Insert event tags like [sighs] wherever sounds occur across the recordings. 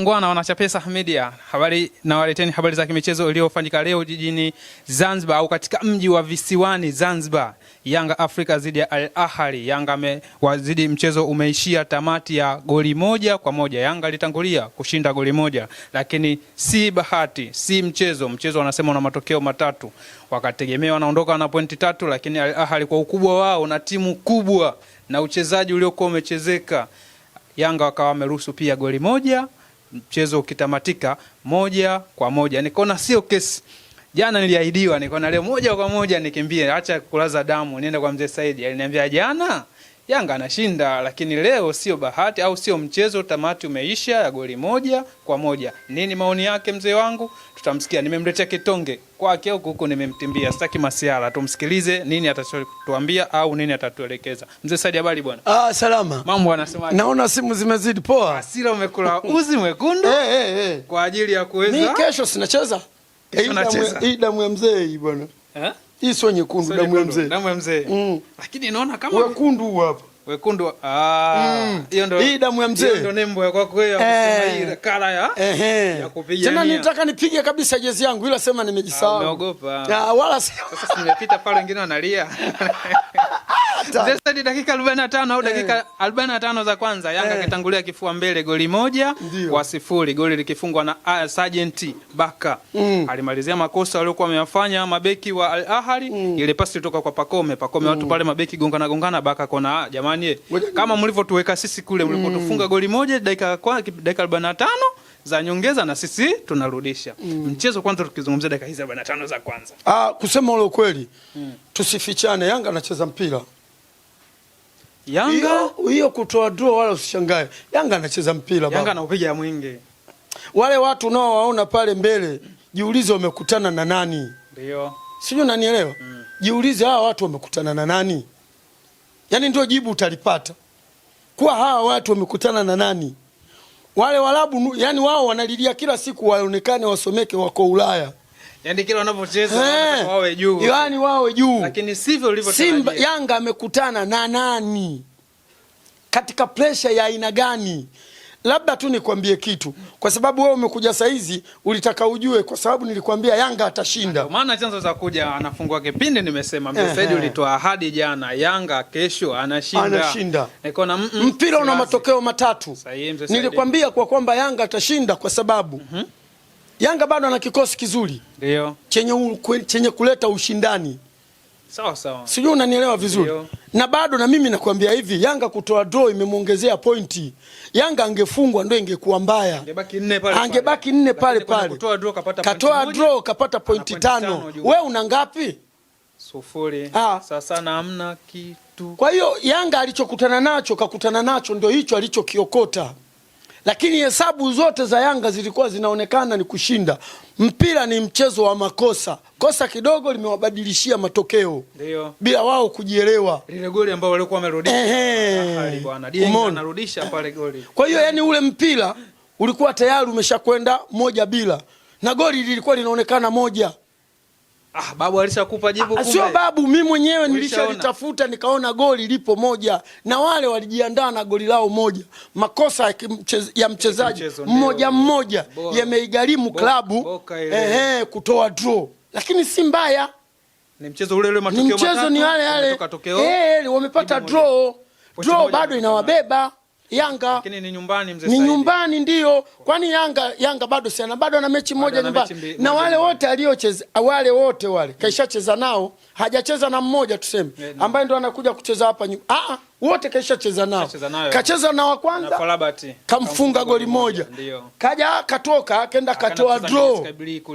Ngwana wanachapesa media habari na waleteni habari za kimichezo iliyofanyika leo jijini Zanzibar au katika mji wa visiwani Zanzibar. Yanga Afrika zidi ya Al Ahly. Yanga amewazidi, mchezo umeishia tamati ya goli moja kwa moja. Yanga alitangulia kushinda goli moja, lakini si bahati, si mchezo. Mchezo wanasema una matokeo matatu, wakategemea wanaondoka na pointi tatu, lakini Al Ahly kwa ukubwa wao na timu kubwa na uchezaji uliokuwa umechezeka, Yanga wakawa wameruhusu pia goli moja mchezo ukitamatika moja kwa moja. Nikaona sio kesi. Jana niliahidiwa, nikaona leo moja kwa moja nikimbie, acha kulaza damu, nienda kwa mzee Saidi. Aliniambia jana Yanga anashinda, lakini leo sio bahati au sio mchezo. Tamati umeisha ya goli moja kwa moja. Nini maoni yake mzee wangu? Tutamsikia. Nimemletea kitonge kwake huku huku, nimemtimbia, sitaki masiara. Tumsikilize nini atatuambia au nini atatuelekeza. Mzee Sadi, habari bwana? Ah, salama. Mambo anasema, Naona simu zimezidi. Poa. Asira umekula uzi mwekundu hey, eh, eh, hey, eh. hey. Kwa ajili ya kuweza mimi kesho sinacheza, kesho nacheza hii damu ya mzee hii bwana eh hii sio nyekundu, damu ya mzee. Damu ya mzee. Mm. Lakini naona kama wekundu hapa. Wekundu. Ah, mm. hiyo ndio. Hii damu ya mzee. ndio nembo ya kwako wewe unasema eh. hii kala ya. Eh. Ya kupiga. Tena nitaka nipige kabisa jezi yangu ila sema nimejisahau. Ah, Umeogopa. Ah, wala sasa nimepita pale wengine wanalia. [laughs] ni dakika 45 au dakika 45 eh. za kwanza Yanga kitangulia eh. kifua mbele goli moja kwa sifuri, goli likifungwa na ah, Sergeant Baka. Mm. Alimalizia makosa aliyokuwa ameyafanya mabeki wa Al Ahly, mm. ile pasi kutoka kwa Pakome, Pakome watu mm. pale mabeki gongana gongana, Baka kona, ah, jamani eh, kama mlivyotuweka sisi kule mlipotufunga goli moja dakika kwa dakika 45 za nyongeza na sisi tunarudisha mm. Mchezo kwanza, tukizungumzia dakika hizi 45 za kwanza, ah, kusema ule kweli mm. Tusifichane, Yanga anacheza mpira Yanga hiyo kutoa draw, wala usishangae. Yanga anacheza mpira baba. Yanga anaupiga mwingi. Wale watu nao waona pale mbele, jiulize wamekutana na nani? Ndio. Sijui unanielewa? Mm. Jiulize hawa watu wamekutana na nani? Yaani ndio jibu utalipata. Kwa hawa watu wamekutana na nani? Wale Waarabu, yani wao wanalilia kila siku waonekane wasomeke wako Ulaya. Yaani kila wanapocheza eh, wawe juu. Yaani wawe juu. Lakini sivyo ulivyotarajia. Simba Yanga amekutana na nani? Katika presha ya aina gani? Labda tu nikwambie kitu, kwa sababu wewe umekuja saa hizi ulitaka ujue, kwa sababu nilikwambia Yanga atashinda. Maana chanzo za kuja anafungua kipindi, nimesema Said ulitoa ahadi jana, Yanga kesho anashinda, anashinda. Nikona mpira una matokeo matatu. Nilikwambia kwa kwamba Yanga atashinda kwa sababu mm -hmm. Yanga bado ana kikosi kizuri ndio chenye, chenye kuleta ushindani sawa sawa, sijui unanielewa vizuri Deo. Na bado na mimi nakwambia hivi, Yanga kutoa draw imemwongezea pointi. Yanga angefungwa ndio ingekuwa mbaya, angebaki nne pale pale, katoa draw kapata pointi tano. Wewe una ngapi? Sufuri. Ah. Sasa na hamna kitu. Kwa hiyo Yanga alichokutana nacho kakutana nacho ndio hicho alichokiokota lakini hesabu zote za Yanga zilikuwa zinaonekana ni kushinda. Mpira ni mchezo wa makosa, kosa kidogo limewabadilishia matokeo Dio. bila wao kujielewa. Lile goli ambalo walikuwa wamerudisha pale goli, kwa hiyo yani ule mpira ulikuwa tayari umeshakwenda moja bila, na goli lilikuwa linaonekana moja Ah, babu alishakupa jibu ah, kumbe. Sio babu, mimi mwenyewe nilishalitafuta nikaona goli lipo moja na wale walijiandaa na goli lao moja. Makosa ya mchezaji mmoja mmoja yameigarimu klabu ehe, kutoa draw, lakini si mbaya. Ni mchezo ule ule, matokeo matatu. Ni mchezo ni wale ale Eh, wamepata draw. Draw bado inawabeba. Yanga ni nyumbani, mzee ni nyumbani ndio. Kwani Yanga Yanga bado sana, bado ana mechi moja nyumbani na, na wale wote aliocheza wale wote wale kaishacheza nao, hajacheza na mmoja tuseme eh, ambaye ndo anakuja kucheza hapa nyu ah, ah, wote kaishacheza nao, kacheza na wa kwanza kamfunga goli moja, kaja ah, katoka akaenda katoa draw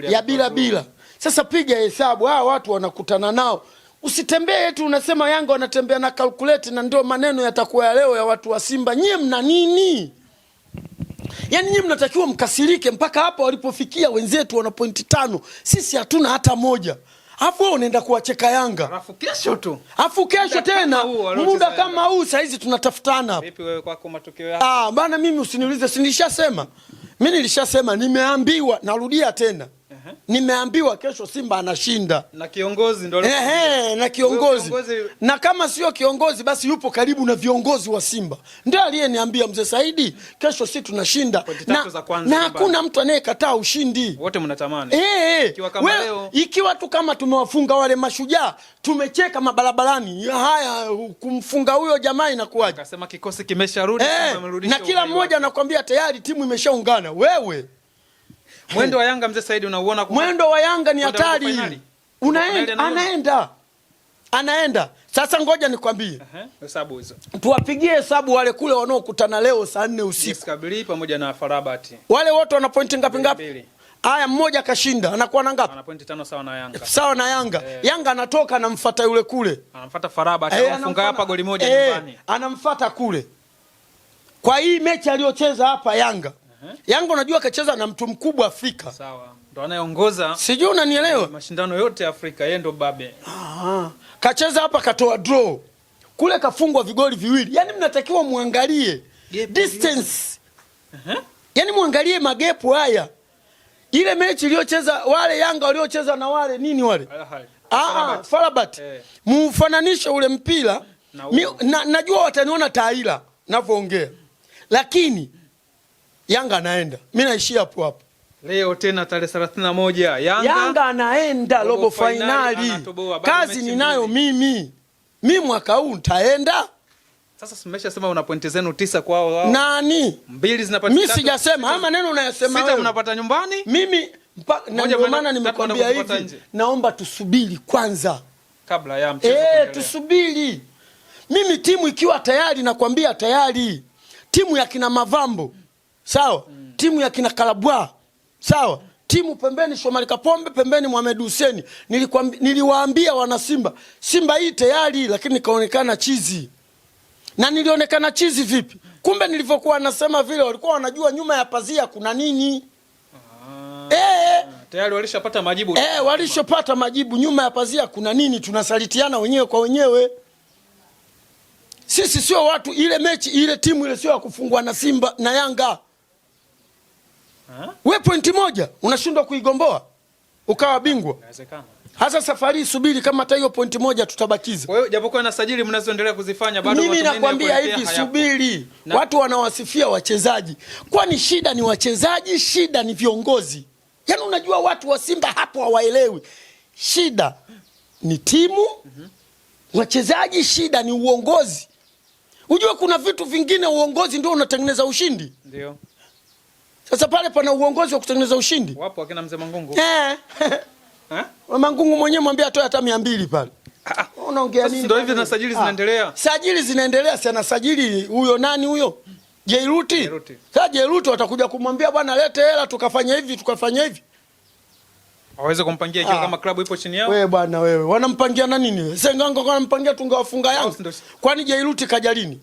ya bila bila. Sasa piga hesabu, hawa watu wanakutana nao Usitembee eti unasema Yanga wanatembea na kalkuleti, na ndio maneno yatakuwa ya leo ya watu wa Simba. Nyie mna nini? Yaani nyie mnatakiwa mkasirike mpaka hapa walipofikia wenzetu, wana pointi tano, sisi hatuna hata moja, afu wewe unaenda kuwacheka Yanga, afu kesho tu, afu kesho tena muda kama huu saizi tunatafutana Vipi wewe kwako matokeo yako? Ah bana, mimi usiniulize, si nilishasema, mimi nilishasema, nimeambiwa, narudia tena Uh-huh. nimeambiwa kesho Simba anashinda na kiongozi ndo na kiongozi. Kiongozi na kama sio kiongozi basi yupo karibu na viongozi wa Simba, ndio aliyeniambia mzee Saidi, kesho si tunashinda na hakuna mtu anayekataa ushindi, wote mnatamani eh, Ikiwa well, ikiwa tu kama tumewafunga wale mashujaa, tumecheka mabarabarani, haya kumfunga huyo jamaa inakuwaje? Akasema kikosi kimesharudi, na kila mmoja anakuambia tayari timu imeshaungana wewe Mwendo wa Yanga mzee Saidi unauona kwa Mwendo wa Yanga ni hatari. Unaenda anaenda. Anaenda. Sasa ngoja nikwambie. Uh -huh. Hesabu hizo. Tuwapigie hesabu wale kule wanaokutana leo saa 4 usiku. Yes, kabili pamoja na Farabati. Wale wote wana pointi ngapi ngapi? Aya, mmoja kashinda anakuwa na ngapi? Ana pointi tano sawa na Yanga. Sawa na Yanga. Eh. Yanga anatoka anamfuata yule kule. Anamfuata Farabati eh, anafunga hapa goli moja eh, nyumbani. Anamfuata kule. Kwa hii mechi aliyocheza hapa Yanga -huh. Yanga unajua kacheza na mtu mkubwa Afrika. Sawa. Ndio anayeongoza. Sijui unanielewa? Mashindano yote Afrika yeye ndo babe. Aha. Kacheza hapa katoa draw. Kule kafungwa vigoli viwili. Yaani mnatakiwa muangalie distance. Uh -huh. Yaani muangalie magepu haya. Ile mechi iliyocheza wale Yanga waliocheza na wale nini wale? Ah, ah Farabat. Eh. Mufananishe ule mpira. Na, na, najua wataniona taila navyoongea. Lakini Yanga anaenda, mi naishia hapo hapo. Leo tena tarehe 31 Yanga, Yanga anaenda robo fainali. Kazi ninayo mimi, mi mwaka huu nitaenda. Sasa simesha sema una pointi zenu tisa kwao wao. Nani? Mbili zinapatikana. Mimi sijasema haya maneno unayosema wewe. Sita mnapata nyumbani? Mimi ndio maana nimekwambia hivi. Naomba tusubiri kwanza kabla ya mchezo. Eh, tusubiri. Mimi timu ikiwa tayari nakwambia tayari. Timu ya kina Mavambo Hmm sawa mm. timu ya kina Kalabwa sawa mm. timu pembeni Shomari Kapombe pembeni Mohamed Hussein. Niliwaambia wana Simba, Simba hii tayari, lakini nikaonekana chizi. Na nilionekana chizi vipi? Kumbe nilivyokuwa nasema vile, walikuwa wanajua nyuma ya pazia kuna nini. Ah, eh, eh, tayari walishapata majibu. Eh, walishapata majibu nyuma ya pazia kuna nini, tunasalitiana wenyewe kwa wenyewe. Sisi sio watu, ile mechi ile timu ile sio ya kufungwa na Simba na Yanga we pointi moja unashindwa kuigomboa ukawa bingwa. Hasa safari subiri, kama hata hiyo pointi moja tutabakiza. Kwa hiyo nasajili mnazoendelea kuzifanya bado, mimi nakwambia hivi, subiri na. Watu wanawasifia wachezaji, kwani shida ni wachezaji? Shida ni viongozi? Yaani unajua watu wa Simba hapo hawaelewi, shida ni timu mm -hmm. Wachezaji, shida ni uongozi. Ujue kuna vitu vingine, uongozi ndio unatengeneza ushindi, ndio sasa pale pana uongozi wa kutengeneza ushindi. Wapo akina mzee Mangungu. Eh. [laughs] Eh? Mangungu mwenyewe mwambie atoe hata 200 pale. Ah. ah. Unaongea nini? Ndio hivi na sajili ah. zinaendelea. Sajili zinaendelea, si anasajili huyo nani huyo? Jairuti. Sasa Jairuti watakuja kumwambia bwana, lete hela tukafanya hivi, tukafanya hivi. Waweze kumpangia ikiwa ah. kama klabu ipo chini yao. Wewe bwana wewe, wanampangia na nini? Sengango wanampangia tungewafunga Yanga. Oh, Kwani Jairuti kajalini?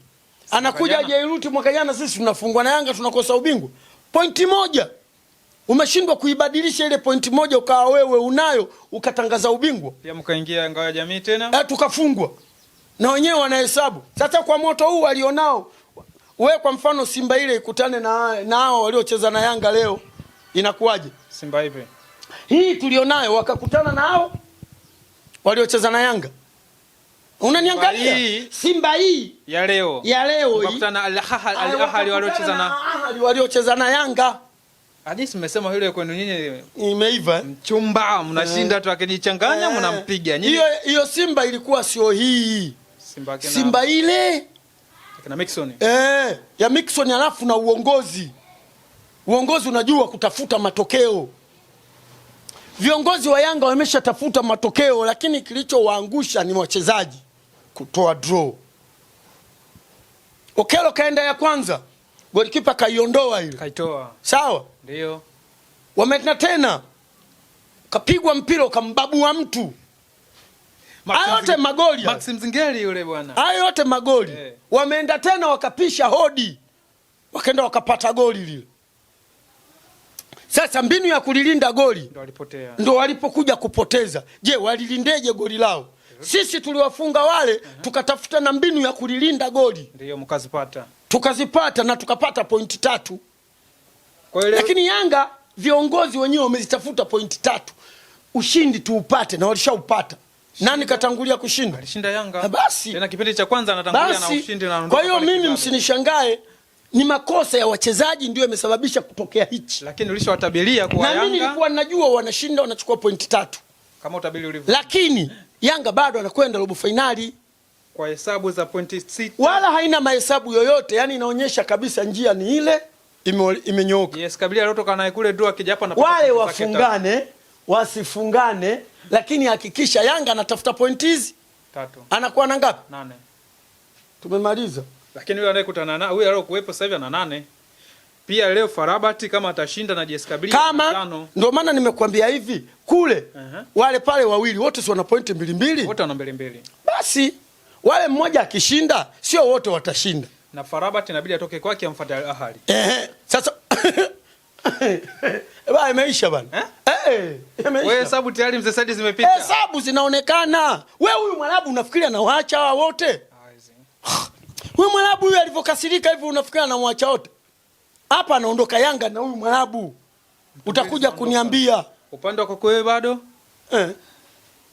Anakuja Jairuti mwaka jana sisi tunafungwa na Yanga tunakosa ubingwa pointi moja umeshindwa kuibadilisha ile pointi moja, ukawa wewe unayo ukatangaza ubingwa pia, mkaingia ngao ya jamii tena, eh, tukafungwa na wenyewe wanahesabu. Sasa kwa moto huu walionao, we kwa mfano Simba ile ikutane na nao waliocheza na Yanga leo inakuwaje? Simba ipi hii tulionayo, wakakutana na waliocheza na Yanga. Unaniangalia Simba hii ya leo ya leo hii wakutana Al Ahly waliocheza na Ahly waliocheza na Yanga. Hadisi mmesema yule kwenu nyinyi imeiva eh? mchumba, mnashinda eh. tu akijichanganya eh. mnampiga nyinyi. Hiyo hiyo Simba ilikuwa sio hii Simba, kena... Simba ile na Mixon eh, ya Mixon, alafu na uongozi. Uongozi unajua kutafuta matokeo. Viongozi wa Yanga wameshatafuta matokeo, lakini kilichowaangusha ni wachezaji kutoa draw. Okelo kaenda ya kwanza, golikipa kaiondoa ile, kaitoa sawa, ndio wametna tena, kapigwa mpira wa mtu. Hayo yote magoli, Maxim Zingeli yule bwana, hayo yote magoli yeah. Wameenda tena wakapisha hodi, wakaenda wakapata goli lile. Sasa mbinu ya kulilinda goli ndo walipokuja kupoteza. Je, walilindeje goli lao? Sisi tuliwafunga wale uh -huh. Tukatafuta na mbinu ya kulilinda goli ndio mkazipata, tukazipata na tukapata pointi tatu Kwele... Lakini Yanga viongozi wenyewe wamezitafuta pointi tatu ushindi tuupate, na walishaupata. Nani katangulia kushinda? Alishinda Yanga. Basi tena kipindi cha kwanza anatangulia na ushindi na. Kwa hiyo mimi msinishangae ni makosa ya wachezaji ndio yamesababisha kutokea hichi, lakini ulishawatabiria kwa Yanga, na mimi nilikuwa najua wanashinda wanachukua pointi tatu kama utabiri ulivyo, lakini Yanga bado anakwenda robo fainali kwa hesabu za pointi sita, wala haina mahesabu yoyote, yani inaonyesha kabisa njia ni ile imenyooka. Yes, kule akija hapa na wale wafungane wasifungane, lakini hakikisha Yanga anatafuta pointi hizi tatu, anakuwa na ngapi? Nane. Tumemaliza, lakini yule anayekutana na huyu aliyokuwepo sasa hivi ana nane. Pia leo Farabati kama atashinda na Jessica Bilia kama ndio maana nimekuambia hivi kule uh -huh. Wale pale wawili wote si wana pointi mbili mbili. Wote wana mbili mbili. Basi wale mmoja akishinda sio wote watashinda. Na Farabati inabidi atoke kwake amfuate Al Ahly. Eh, sasa [coughs] Ba imeisha bana. Eh? Eh, imeisha. Wewe hesabu tayari mzee Saidi zimepita. Hesabu zinaonekana. Wewe huyu Mwarabu unafikiri anawaacha wote? Wewe [sighs] Mwarabu huyu alivyokasirika hivi unafikiria na waacha wote? hapa anaondoka Yanga na huyu Mwarabu, utakuja kuniambia upande wa kwako wewe bado eh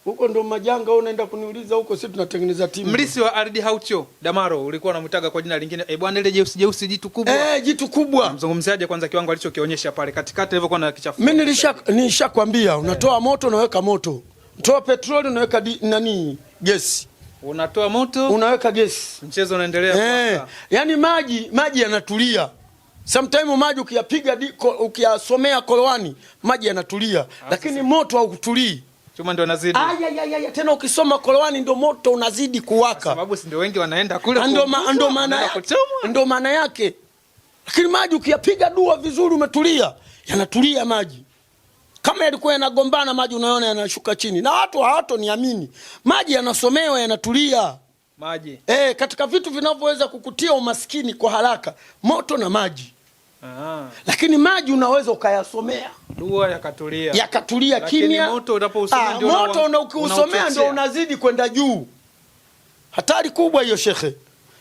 huko ndo majanga unaenda kuniuliza huko, sisi tunatengeneza timu. Mrisi wa Ardi Haucho Damaro ulikuwa unamtaga kwa jina lingine, eh bwana, ile jeusi jeusi jitu kubwa, eh jitu kubwa. Mzungumziaje kwanza kiwango alichokionyesha pale katikati ilivyokuwa na kichafu? Mimi nilisha nishakwambia, unatoa eh. moto unaweka moto, toa petroli unaweka di, nani gesi, unatoa moto unaweka gesi, mchezo unaendelea. Eh, yani maji maji yanatulia. Sometimes maji ukiyapiga ukiyasomea Qur'ani maji yanatulia, ah, lakini moto haukutulii. Chuma ndo nazidi. Aya, tena ukisoma Qur'ani ndo moto unazidi kuwaka. Sababu si ndio wengi wanaenda kule. Ah, ndio maana yake. Ndio maana yake. Lakini maji ukiyapiga dua vizuri umetulia, yanatulia maji. Kama yalikuwa yanagombana maji unaona yanashuka chini. Na watu hawatoniamini. Maji yanasomewa yanatulia. Maji. Eh, katika vitu vinavyoweza kukutia umaskini kwa haraka, moto na maji. Aha. Lakini maji unaweza ukayasomea dua yakatulia, yakatulia kimya. Moto unapousomea ah, moto una ukiusomea ndio unazidi kwenda juu. Hatari kubwa hiyo, shekhe,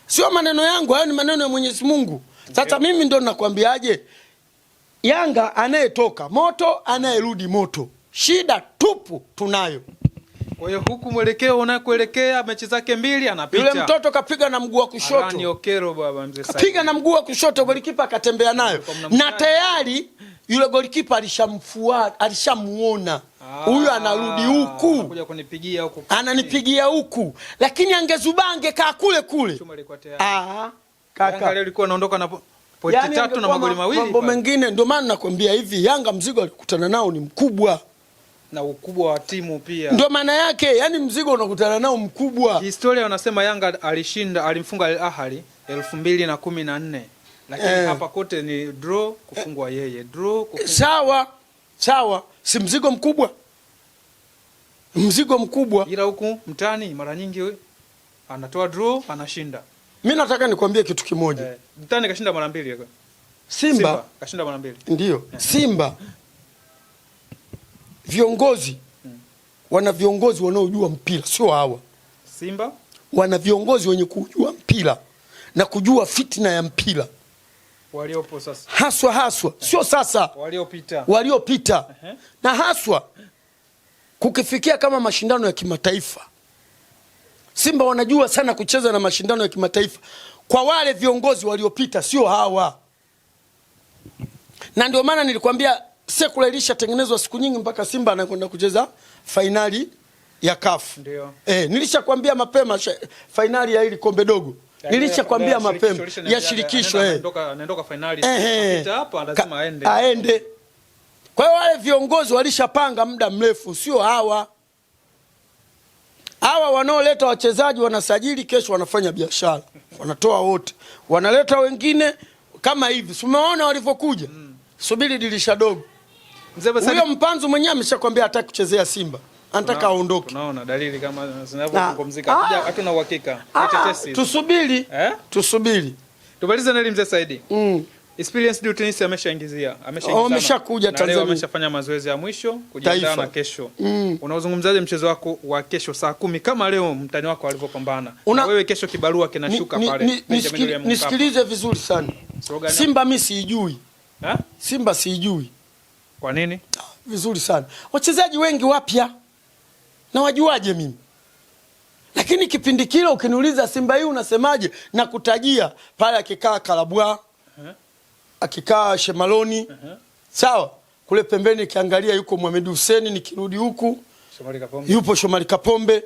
sio maneno yangu hayo, ni maneno ya Mwenyezi Mungu. Sasa okay. Mimi ndio nakwambiaje, Yanga anayetoka moto, anayerudi moto, shida tupu tunayo. Kwa hiyo huku mwelekeo unakoelekea mechi zake mbili anapita. Yule mtoto kapiga na mguu wa kushoto. Arani Okero baba mzee Said. Kapiga na mguu wa kushoto golikipa akatembea nayo. Na tayari yule golikipa alishamfuata, alishamuona. Ah, Huyu anarudi huku. Anakuja kunipigia huku. Ananipigia huku. Lakini angezubange kaa kule kule. Chuma ilikuwa tayari. Ah. Kaka leo alikuwa anaondoka na pointi yani tatu na magoli mawili. Mambo mengine ndio maana nakwambia hivi Yanga mzigo alikutana nao ni mkubwa na ukubwa wa timu pia, ndio maana yake. Yani mzigo unakutana nao mkubwa. Historia wanasema Yanga alishinda alimfunga Al Ahly elfu mbili na kumi na nne lakini eh, hapa kote ni draw kufungwa eh. yeye draw kufungwa. Sawa sawa, si mzigo mkubwa, mzigo mkubwa, ila huku mtani mara nyingi anatoa draw anashinda. Mimi nataka nikwambie kitu kimoja eh, mtani kashinda mara mbili Simba, Simba kashinda mara mbili ndio eh. Simba viongozi wana viongozi wanaojua mpira, sio hawa Simba. Wana viongozi wenye kujua mpira na kujua fitna ya mpira waliopo sasa, haswa haswa, sio eh, sasa, waliopita, waliopita na haswa kukifikia kama mashindano ya kimataifa. Simba wanajua sana kucheza na mashindano ya kimataifa kwa wale viongozi waliopita, sio hawa, na ndio maana nilikwambia sekula ilishatengenezwa siku nyingi mpaka Simba anakwenda kucheza fainali ya kafu. Eh, nilishakwambia mapema fainali ya ili kombe dogo nilishakwambia mapema ya shirikisho aende. Kwa hiyo wale viongozi walishapanga muda mrefu, sio hawa hawa wanaoleta wachezaji wanasajili, kesho wanafanya biashara, wanatoa wote, wanaleta wengine kama hivi. Simeona walivyokuja, mm. subiri dirisha dogo. Mzee Basari... huyo mpanzu mwenyewe ameshakwambia hataki kuchezea Simba, anataka aondoke. Tunaona dalili kama zinavyopumzika, ah! hatuna uhakika. Ah! Tusubiri, eh? tusubiri tumalize na Mzee Saidi, mm. Experience du tennis ameshaingizia, ameshaingiza, oh, ameshakuja Tanzania, leo ameshafanya mazoezi ya mwisho kujiandaa na kesho. Mm. Unaozungumzaje mchezo wako wa kesho saa kumi kama leo mtani wako alivyopambana Una... wewe kesho kibarua kinashuka pale. Nisikilize vizuri sana Simba, mimi siijui eh? Simba siijui kwa nini? Vizuri sana. Wachezaji wengi wapya na wajuaje mimi? Lakini kipindi kile ukiniuliza Simba hii unasemaje, nakutajia pale akikaa Karabwa, uh-huh. akikaa Shemaloni, uh-huh. sawa kule pembeni nikiangalia yuko Mohamed Hussein, nikirudi huku yupo Shomari Kapombe,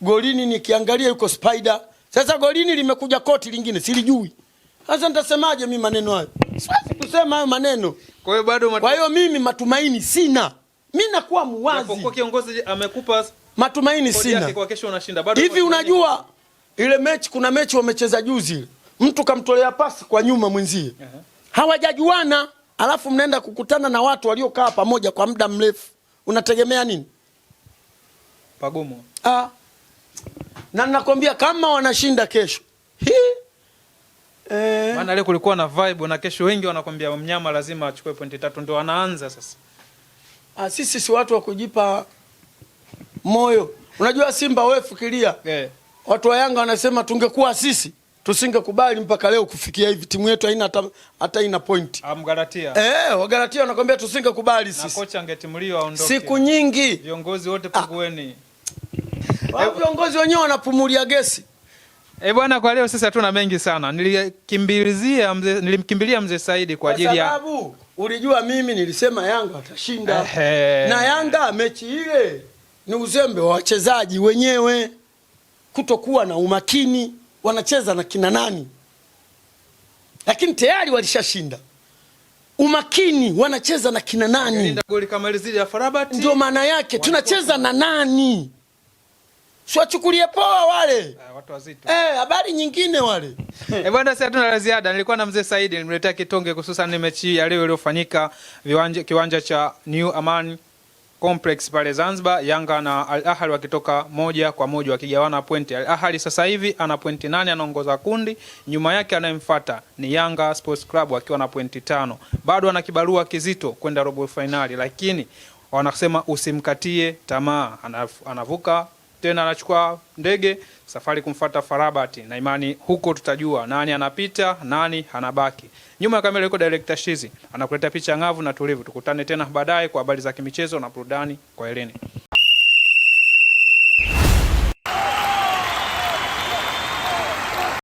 golini nikiangalia yuko Spider. Sasa golini limekuja koti lingine silijui. Sasa nitasemaje mimi maneno hayo? siwezi kusema hayo maneno. Kwa hiyo bado Kwa hiyo mimi matumaini sina, mi nakuwa muwazi. Kiongozi amekupa matumaini sina. Kwa kesho unashinda bado hivi. Unajua ile mechi, kuna mechi wamecheza juzi, mtu kamtolea pasi kwa nyuma mwenzie, uh -huh. hawajajuana alafu mnaenda kukutana na watu waliokaa pamoja kwa muda mrefu, unategemea nini? Pagumu. Ah. Na nakwambia kama wanashinda kesho hii Eh. Maana leo kulikuwa na vibe na kesho wengi wanakwambia mnyama lazima achukue pointi tatu ndio anaanza sasa. Ah, sisi si watu wa kujipa moyo. Unajua Simba wewe fikiria. Eh. Watu wa Yanga wanasema tungekuwa sisi tusingekubali mpaka leo kufikia hivi timu yetu haina hata, hata ina point. Amgaratia. Ah, eh, wagaratia wanakwambia tusingekubali sisi. Na kocha angetimuliwa aondoke. Siku nyingi. Viongozi wote pungueni. Ah. Wao viongozi wenyewe wanapumulia gesi. E, bwana kwa leo sisi hatuna mengi sana. Nilikimbilizia mzee nilimkimbilia mzee Saidi kwa ajili ya sababu ulijua mimi nilisema Yanga atashinda. Na Yanga mechi ile ni uzembe wa wachezaji wenyewe kutokuwa na umakini, wanacheza na kina nani? Lakini tayari walishashinda. Umakini wanacheza na kina nani? Ndio maana yake tunacheza na nani? siwachukulie poa wale ah, watu wazito eh, habari nyingine wale [laughs] eh bwana, sasa hatuna la ziada. Nilikuwa na mzee Saidi, nimletea kitonge hususan mechi ya leo iliyofanyika kiwanja cha New aman Complex pale Zanzibar, Yanga na Al Ahly wakitoka moja kwa moja wakigawana pointi. Al Ahly sasa hivi ana pointi nane, anaongoza kundi. Nyuma yake anayemfuata ni Yanga Sports Club akiwa na pointi tano, bado ana kibarua kizito kwenda robo fainali, lakini wanasema usimkatie tamaa, anavuka tena anachukua ndege safari kumfuata Farabati na imani, huko tutajua nani anapita nani anabaki. Nyuma ya kamera yuko director Shizi anakuleta picha ngavu na tulivu. Tukutane tena baadaye kwa habari za kimichezo na burudani. Kwa Eleni.